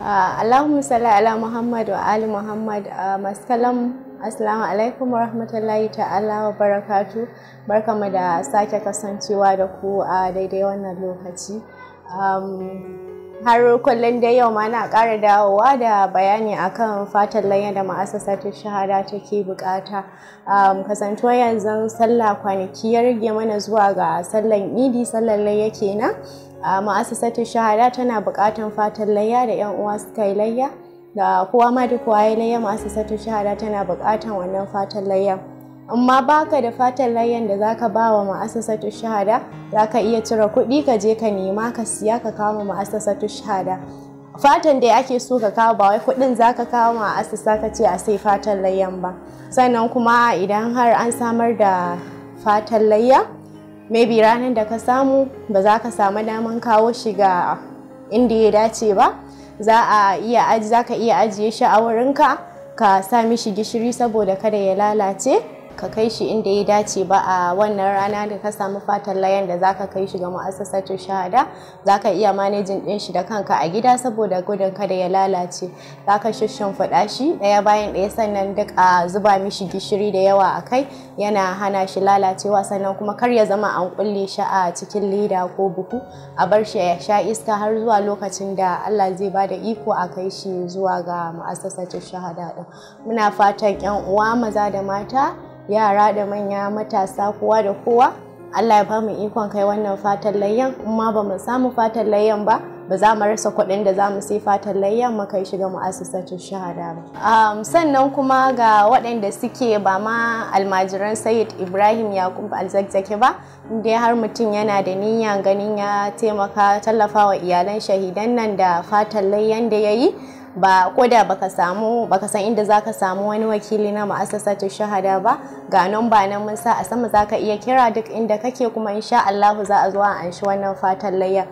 Ah, Allahumma salli ala Muhammad wa ali Muhammad ah, masu kalam Assalamu alaikum wa rahmatullahi ta'ala wa barakatu barkamu da sake kasancewa da ku a daidai wannan lokaci. Um, har kullum da yau ma na ƙara dawowa da bayani akan fatan layan da ma'asasatin shahada take bukata um, kasantuwa yanzu sallah kwanaki ya rage mana zuwa ga sallan idi sallan layya kenan ma'asasatin shahada tana bukatan fatan layya da yan uwa suka yi layya da kowa ma duk waye layya ma'asasatin shahada tana bukatan wannan fatan layya amma baka da fatan layan da zaka ba wa ma'asasatu shahada zaka iya cire kuɗi ka je ka nema ka siya ka kawo ma'asasatu shahada fatan da ake so ka kawo ba wai kuɗin zaka kawo ma'asasa ka ce a sai fatan layyan ba sannan kuma idan har an samar da fatan layya maybe ranar da ka samu ba za ka samu daman kawo shi ga inda ya dace ba za a iya aji za ka iya ajiye shi a wurinka ka sa mishi gishiri saboda kada ya lalace ka kai shi inda ya dace ba a wannan rana da ka samu fatan layan da zaka kai shi ga mu'assasatu shahada zaka iya manejin din shi da kanka a gida saboda gudun kada ya lalace zaka shishshimfiɗa shi ɗaya bayan ɗaya sannan duk a zuba mishi gishiri da yawa a kai yana hana shi lalacewa sannan kuma kar ya zama an kulle shi a cikin leda ko buhu a bar shi ya sha iska har zuwa lokacin da Allah zai ba da iko a kai shi zuwa ga mu'assasatu shahada din muna fatan yan uwa maza da mata yara da manya matasa kowa da kowa Allah ya ba mu ikon kai wannan fatan layyan in ba mu samu fatan layyan ba ba za mu rasa kuɗin da za mu sai fatan layyan mu kai shiga mu'assasatun shahada ba um, sannan kuma ga waɗanda suke ba ma almajiran Sayyid Ibrahim Yakub alzakzake ba inda har mutum yana da niyya ganin ya taimaka tallafawa iyalan shahidan nan da fatan layyan da ya yi ba koda baka samu baka san inda zaka samu wani wakili na ta shahada ba ga namba nan mun sa a sama zaka iya kira duk inda kake kuma insha Allah za a zo a anshi wannan fatan layya